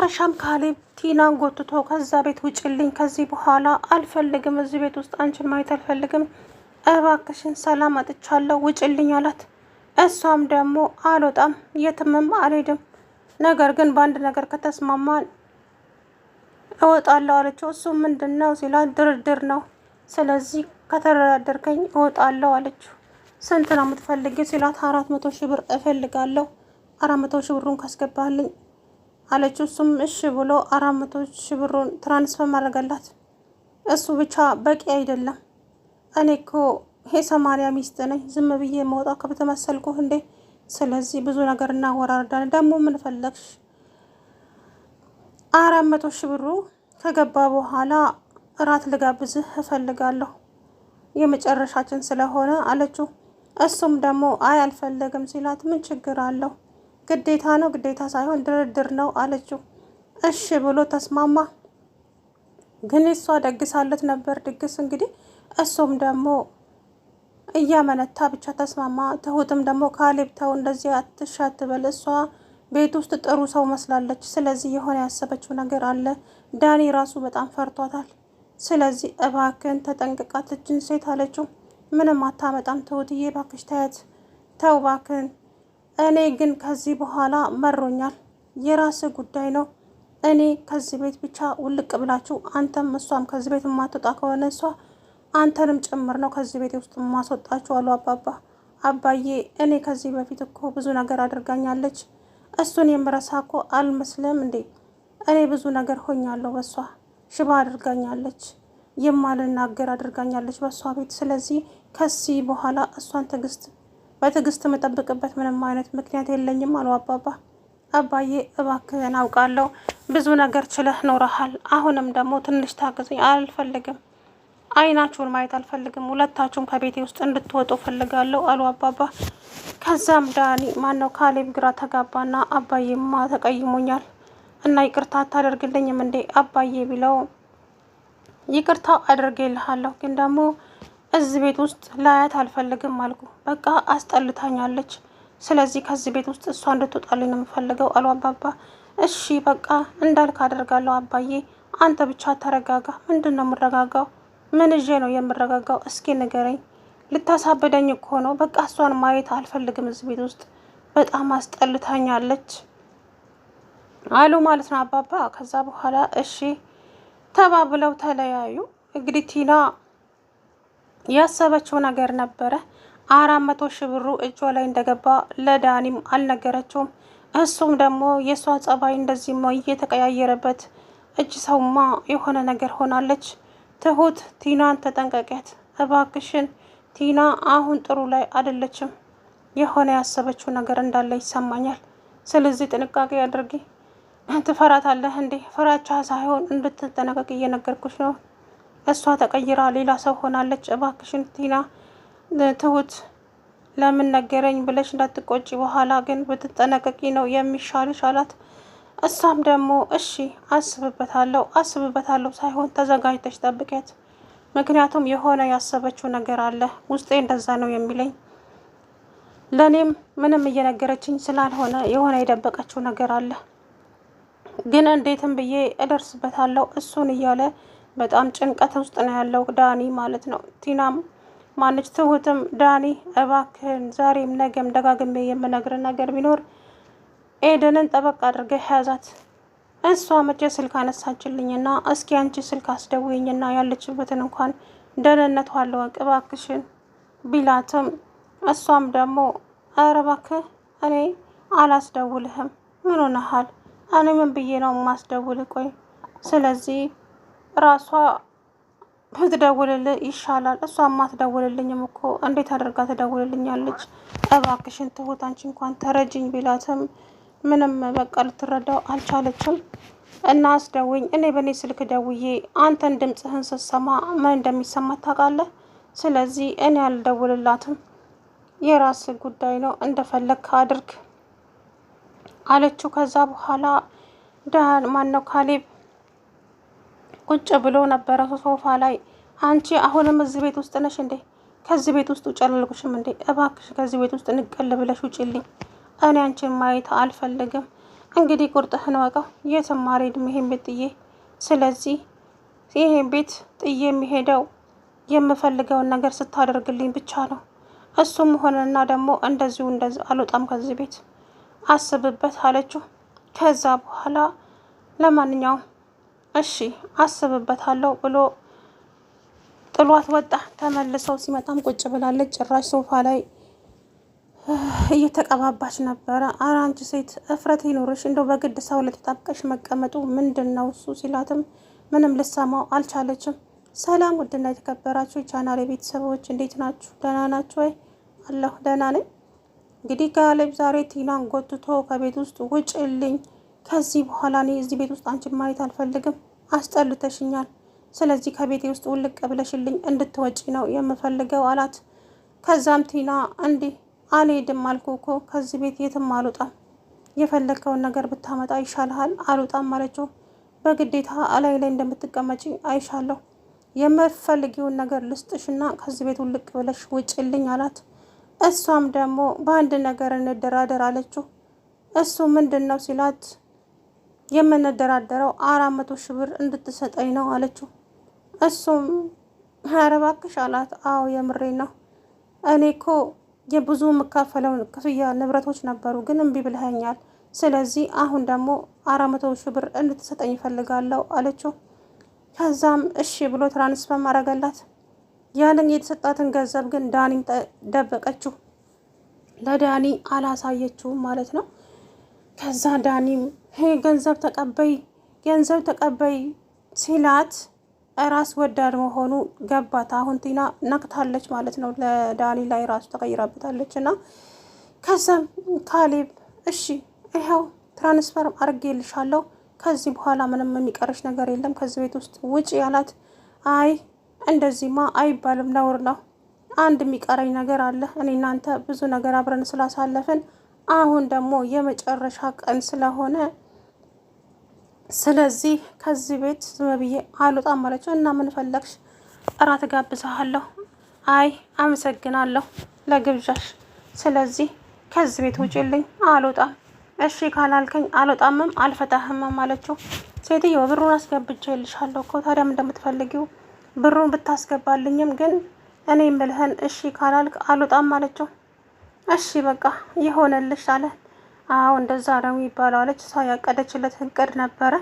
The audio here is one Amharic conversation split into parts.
በመጨረሻም ካሌብ ቲናን ጎትቶ ከዛ ቤት ውጭልኝ፣ ከዚህ በኋላ አልፈልግም፣ እዚህ ቤት ውስጥ አንቺን ማየት አልፈልግም፣ እባክሽን ሰላም አጥቻለሁ፣ ውጭልኝ አላት። እሷም ደግሞ አልወጣም፣ የትምም አልሄድም፣ ነገር ግን በአንድ ነገር ከተስማማን እወጣለሁ አለችው። እሱ ምንድን ነው ሲላት ድርድር ነው፣ ስለዚህ ከተደራደርከኝ እወጣለሁ አለችው። ስንት ነው የምትፈልጊው ሲላት አራት መቶ ሺህ ብር እፈልጋለሁ፣ አራት መቶ ሺህ ብሩን ካስገባልኝ አለችው። እሱም እሺ ብሎ አራት መቶ ሺህ ብሩን ትራንስፈር ማድረገላት። እሱ ብቻ በቂ አይደለም። እኔ እኮ የሰማሪያ ሚስት ነኝ። ዝም ብዬ መውጣ ከብተመሰልኩ እንዴ? ስለዚህ ብዙ ነገር እናወራርዳን። ደግሞ ምን ፈለግሽ? አራት መቶ ሺህ ብሩ ከገባ በኋላ እራት ልጋብዝህ እፈልጋለሁ የመጨረሻችን ስለሆነ አለችው። እሱም ደግሞ አይ አልፈለግም ሲላት ምን ችግር አለው ግዴታ ነው፣ ግዴታ ሳይሆን ድርድር ነው አለችው። እሺ ብሎ ተስማማ። ግን እሷ ደግሳለት ነበር ድግስ። እንግዲህ እሱም ደግሞ እያመነታ ብቻ ተስማማ። ትሁትም ደግሞ ካሌብ ተው፣ እንደዚህ አትሻት በል እሷ ቤት ውስጥ ጥሩ ሰው መስላለች። ስለዚህ የሆነ ያሰበችው ነገር አለ። ዳኒ ራሱ በጣም ፈርቷታል። ስለዚህ እባክን ተጠንቅቃትችን ሴት አለችው። ምንም አታመጣም ትሁትዬ፣ እባክሽ ተያት፣ ተው እባክን እኔ ግን ከዚህ በኋላ መሮኛል። የራስ ጉዳይ ነው። እኔ ከዚህ ቤት ብቻ ውልቅ ብላችሁ አንተም እሷም ከዚህ ቤት የማትወጣ ከሆነ እሷ አንተንም ጭምር ነው ከዚህ ቤት ውስጥ የማስወጣችሁ አሉ አባባ። አባዬ እኔ ከዚህ በፊት እኮ ብዙ ነገር አድርጋኛለች። እሱን የምረሳ እኮ አልመስልም እንዴ? እኔ ብዙ ነገር ሆኛለሁ በሷ። ሽባ አድርጋኛለች፣ የማልናገር አድርጋኛለች በሷ ቤት። ስለዚህ ከዚህ በኋላ እሷን ትዕግስት በትዕግስት የምጠብቅበት ምንም አይነት ምክንያት የለኝም አሉ አባባ። አባዬ እባክህን አውቃለሁ ብዙ ነገር ችለህ ኖረሃል። አሁንም ደግሞ ትንሽ ታግዙኝ። አልፈልግም፣ አይናችሁን ማየት አልፈልግም። ሁለታችሁም ከቤቴ ውስጥ እንድትወጡ ፈልጋለሁ አሉ አባባ። ከዛም ዳኒ ማነው ካሌብ ግራ ተጋባና አባዬማ ተቀይሞኛል እና ይቅርታ አታደርግልኝም እንዴ አባዬ ቢለው ይቅርታ አድርጌልሃለሁ ግን ደግሞ እዚህ ቤት ውስጥ ላያት አልፈልግም አልኩ። በቃ አስጠልታኛለች። ስለዚህ ከዚህ ቤት ውስጥ እሷ እንድትወጣልኝ ነው የምፈልገው አሉ አባባ። እሺ በቃ እንዳልክ አደርጋለሁ አባዬ። አንተ ብቻ ተረጋጋ። ምንድን ነው የምረጋጋው? ምን እዤ ነው የምረጋጋው? እስኪ ንገረኝ። ልታሳብደኝ እኮ ነው። በቃ እሷን ማየት አልፈልግም እዚህ ቤት ውስጥ በጣም አስጠልታኛለች አሉ ማለት ነው አባባ። ከዛ በኋላ እሺ ተባብለው ተለያዩ። እንግዲህ ቲና ያሰበችው ነገር ነበረ። አራት መቶ ሺ ብሩ እጇ ላይ እንደገባ ለዳኒም አልነገረችውም። እሱም ደግሞ የእሷ ጸባይ እንደዚህማ እየተቀያየረበት እጅ ሰውማ የሆነ ነገር ሆናለች። ትሁት ቲናን ተጠንቀቂያት እባክሽን፣ ቲና አሁን ጥሩ ላይ አይደለችም። የሆነ ያሰበችው ነገር እንዳለ ይሰማኛል። ስለዚህ ጥንቃቄ አድርጊ። ትፈራታለህ እንዴ? ፍራቻ ሳይሆን እንድትጠነቀቅ እየነገርኩች ነው። እሷ ተቀይራ ሌላ ሰው ሆናለች። እባክሽን ቲና ትሁት ለምን ነገረኝ ብለሽ እንዳትቆጪ፣ በኋላ ግን ብትጠነቀቂ ነው የሚሻልሽ አላት። እሷም ደግሞ እሺ አስብበታለሁ አስብበታለሁ ሳይሆን ተዘጋጅተሽ ጠብቀት፣ ምክንያቱም የሆነ ያሰበችው ነገር አለ። ውስጤ እንደዛ ነው የሚለኝ። ለእኔም ምንም እየነገረችኝ ስላልሆነ የሆነ የደበቀችው ነገር አለ። ግን እንዴትም ብዬ እደርስበታለሁ እሱን እያለ በጣም ጭንቀት ውስጥ ነው ያለው ዳኒ ማለት ነው። ቲናም ማነች ትሁትም ዳኒ እባክህን ዛሬም ነገም ደጋግሜ የምነግር ነገር ቢኖር ኤደንን ጠበቅ አድርገህ ያዛት። እሷ መቼ ስልክ አነሳችልኝና እስኪ አንቺ ስልክ አስደውይኝና ያለችበትን እንኳን ደህንነት አለወቅ እባክሽን ቢላትም እሷም ደግሞ ኧረ እባክህ እኔ አላስደውልህም ምን ሆነሃል? እኔ ምን ብዬ ነው ማስደውል? ቆይ ስለዚህ ራሷ ብትደውልልህ ይሻላል። እሷ ማትደውልልኝም እኮ እንዴት አድርጋ ትደውልልኛለች? እባክሽን ትሁት አንቺ እንኳን ተረጅኝ ቢላትም ምንም በቃ ልትረዳው አልቻለችም። እና አስደውኝ እኔ በእኔ ስልክ ደውዬ አንተን ድምፅህን ስትሰማ ምን እንደሚሰማ ታውቃለህ። ስለዚህ እኔ አልደውልላትም፣ የራስ ጉዳይ ነው፣ እንደፈለግክ አድርግ አለችው። ከዛ በኋላ ዳን ማነው ካሌብ ቁጭ ብሎ ነበረ ሶፋ ላይ። አንቺ አሁንም እዚህ ቤት ውስጥ ነሽ እንዴ? ከዚህ ቤት ውስጥ ውጭ አላልኩሽም እንዴ? እባክሽ ከዚህ ቤት ውስጥ ንቀል ብለሽ ውጭልኝ። እኔ አንቺን ማየት አልፈልግም። እንግዲህ ቁርጥህን ወቀው የትም አልሄድም ይሄን ቤት ጥዬ። ስለዚህ ይሄን ቤት ጥዬ የሚሄደው የምፈልገውን ነገር ስታደርግልኝ ብቻ ነው። እሱም ሆነና ደግሞ እንደዚሁ እንደዚህ አልወጣም ከዚህ ቤት አስብበት አለችው። ከዛ በኋላ ለማንኛውም እሺ አስብበታለሁ ብሎ ጥሏት ወጣ። ተመልሰው ሲመጣም ቁጭ ብላለች። ጭራሽ ሶፋ ላይ እየተቀባባች ነበረ። ኧረ አንቺ ሴት እፍረት ይኖርሽ እንደው በግድ ሰው ልትጠብቀሽ መቀመጡ ምንድን ነው እሱ ሲላትም ምንም ልሰማው አልቻለችም። ሰላም ውድና የተከበራችሁ ቻናሌ ቤተሰቦች እንዴት ናችሁ? ደህና ናችሁ ወይ? አለሁ ደህና ነኝ። እንግዲህ ጋሌብ ዛሬ ቲናን ጎትቶ ከቤት ውስጥ ውጭልኝ ከዚህ በኋላ እኔ እዚህ ቤት ውስጥ አንቺን ማየት አልፈልግም፣ አስጠልተሽኛል። ስለዚህ ከቤቴ ውስጥ ውልቅ ብለሽልኝ እንድትወጪ ነው የምፈልገው አላት። ከዛም ቲና እንዲህ አልሄድም አልኩ እኮ ከዚህ ቤት የትም አልወጣም፣ የፈለግከውን ነገር ብታመጣ ይሻልሃል፣ አልወጣም አለችው። በግዴታ እላይ ላይ እንደምትቀመጪ አይሻለሁ የምፈልጊውን ነገር ልስጥሽና ከዚህ ቤት ውልቅ ብለሽ ውጭልኝ አላት። እሷም ደግሞ በአንድ ነገር እንደራደር አለችው። እሱ ምንድን ነው ሲላት የምንደራደረው አራት መቶ ሺህ ብር እንድትሰጠኝ ነው አለችው። እሱም ኧረ እባክሽ አላት። አዎ የምሬ ነው እኔ እኮ የብዙ የምካፈለው ክፍያ ንብረቶች ነበሩ፣ ግን እምቢ ብልሃኛል። ስለዚህ አሁን ደግሞ አራት መቶ ሺህ ብር እንድትሰጠኝ ይፈልጋለሁ አለችው። ከዛም እሺ ብሎ ትራንስፈር አረገላት። ያንን የተሰጣትን ገንዘብ ግን ዳኒ ደበቀችው፣ ለዳኒ አላሳየችውም ማለት ነው። ከዛ ዳኒም ገንዘብ ተቀበይ ገንዘብ ተቀበይ ሲላት ራስ ወዳድ መሆኑ ገባት። አሁን ቲና ነቅታለች ማለት ነው። ለዳኒ ላይ ራሱ ተቀይራበታለች። እና ከዛም ካሌብ እሺ ይኸው ትራንስፈርም አርጌልሻለሁ፣ ከዚህ በኋላ ምንም የሚቀርሽ ነገር የለም፣ ከዚህ ቤት ውስጥ ውጭ ያላት። አይ እንደዚህማ አይባልም፣ ነውር ነው። አንድ የሚቀረኝ ነገር አለ። እኔ እናንተ ብዙ ነገር አብረን ስላሳለፍን አሁን ደግሞ የመጨረሻ ቀን ስለሆነ ስለዚህ ከዚህ ቤት ዝም ብዬ አልወጣም አለችው። እና ምን ፈለግሽ? እራት ጋብዛሃለሁ። አይ አመሰግናለሁ ለግብዣሽ፣ ስለዚህ ከዚህ ቤት ውጭልኝ፣ አልወጣም። እሺ ካላልከኝ አልወጣምም አልፈታህምም አለችው። ሴትየ ብሩን አስገብቼልሻለሁ እኮ ታዲያ ምን እንደምትፈልጊው ብሩን ብታስገባልኝም፣ ግን እኔ ምልህን እሺ ካላልክ አልወጣም አለችው። እሺ በቃ ይሆነልሽ አለ። አዎ እንደዛ ነው ይባላል አለች። እሷ ያቀደችለት እቅድ ነበረ።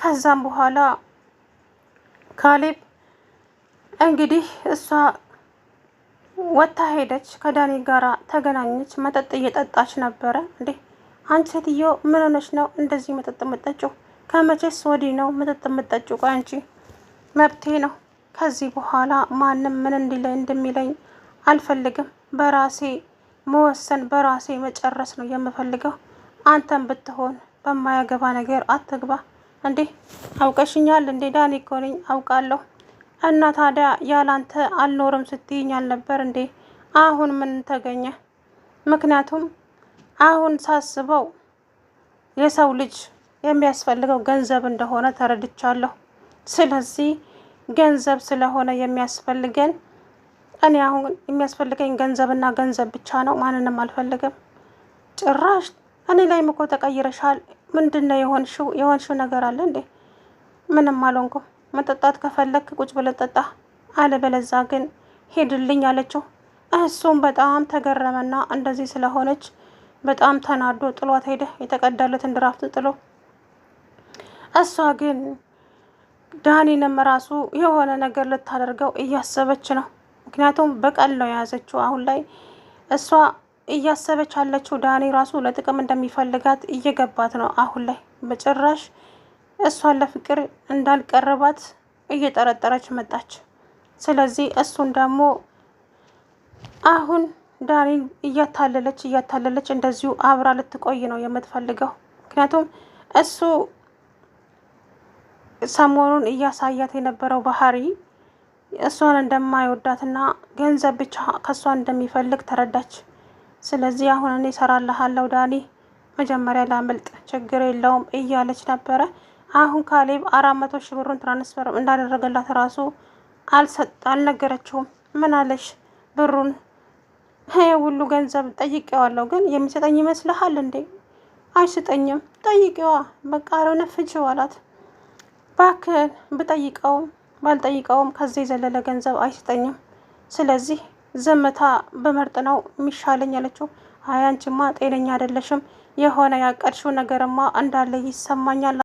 ከዛም በኋላ ካሌብ እንግዲህ እሷ ወታ ሄደች። ከዳኒ ጋራ ተገናኘች። መጠጥ እየጠጣች ነበረ። እንዴ አንቺ ሴትዮ ምን ሆነች ነው እንደዚህ መጠጥ የምጠጪው? ከመቼስ ወዲህ ነው መጠጥ የምጠጪው? ቆይ አንቺ መብቴ ነው። ከዚህ በኋላ ማንም ምን እንዲለኝ እንደሚለኝ አልፈልግም በራሴ መወሰን በራሴ መጨረስ ነው የምፈልገው። አንተም ብትሆን በማያገባ ነገር አትግባ። እንዴ አውቀሽኛል እንዴ? ዳኒ እኮ ነኝ አውቃለሁ። እና ታዲያ ያላንተ አልኖርም ስትይኝ አልነበር እንዴ? አሁን ምን ተገኘ? ምክንያቱም አሁን ሳስበው የሰው ልጅ የሚያስፈልገው ገንዘብ እንደሆነ ተረድቻለሁ። ስለዚህ ገንዘብ ስለሆነ የሚያስፈልገን እኔ አሁን የሚያስፈልገኝ ገንዘብና ገንዘብ ብቻ ነው። ማንንም አልፈልግም። ጭራሽ እኔ ላይም እኮ ተቀይረሻል። ምንድን ነው የሆንሽው? የሆንሽው ነገር አለ እንዴ? ምንም አልሆንኩም። መጠጣት ከፈለክ ቁጭ ብለህ ጠጣ፣ አለበለዛ ግን ሄድልኝ አለችው። እሱም በጣም ተገረመና እንደዚህ ስለሆነች በጣም ተናዶ ጥሏት ሄደ፣ የተቀዳለትን ድራፍት ጥሎ። እሷ ግን ዳኒንም ራሱ የሆነ ነገር ልታደርገው እያሰበች ነው። ምክንያቱም በቀል ነው የያዘችው። አሁን ላይ እሷ እያሰበች ያለችው ዳኒ ራሱ ለጥቅም እንደሚፈልጋት እየገባት ነው። አሁን ላይ በጭራሽ እሷን ለፍቅር እንዳልቀረባት እየጠረጠረች መጣች። ስለዚህ እሱን ደግሞ አሁን ዳኒን እያታለለች እያታለለች እንደዚሁ አብራ ልትቆይ ነው የምትፈልገው። ምክንያቱም እሱ ሰሞኑን እያሳያት የነበረው ባህሪ እሷን እንደማይወዳትና ገንዘብ ብቻ ከእሷ እንደሚፈልግ ተረዳች። ስለዚህ አሁን እኔ እሰራልሃለሁ ዳኒ፣ መጀመሪያ ላምልጥ፣ ችግር የለውም እያለች ነበረ። አሁን ካሌብ አራት መቶ ሺህ ብሩን ትራንስፈር እንዳደረገላት ራሱ አልነገረችውም። ምን አለሽ ብሩን ሁሉ ገንዘብ ጠይቄዋለሁ፣ ግን የሚሰጠኝ ይመስልሃል እንዴ? አይሰጠኝም። ጠይቄዋ በቃ አልሆነ ፍቺው አላት። ባክን ባልጠይቀውም ከዚህ የዘለለ ገንዘብ አይሰጠኝም። ስለዚህ ዝምታ በመርጥ ነው የሚሻለኝ አለችው። አይ አንቺማ ጤነኛ አይደለሽም፣ የሆነ ያቀድሽው ነገርማ እንዳለ ይሰማኛል።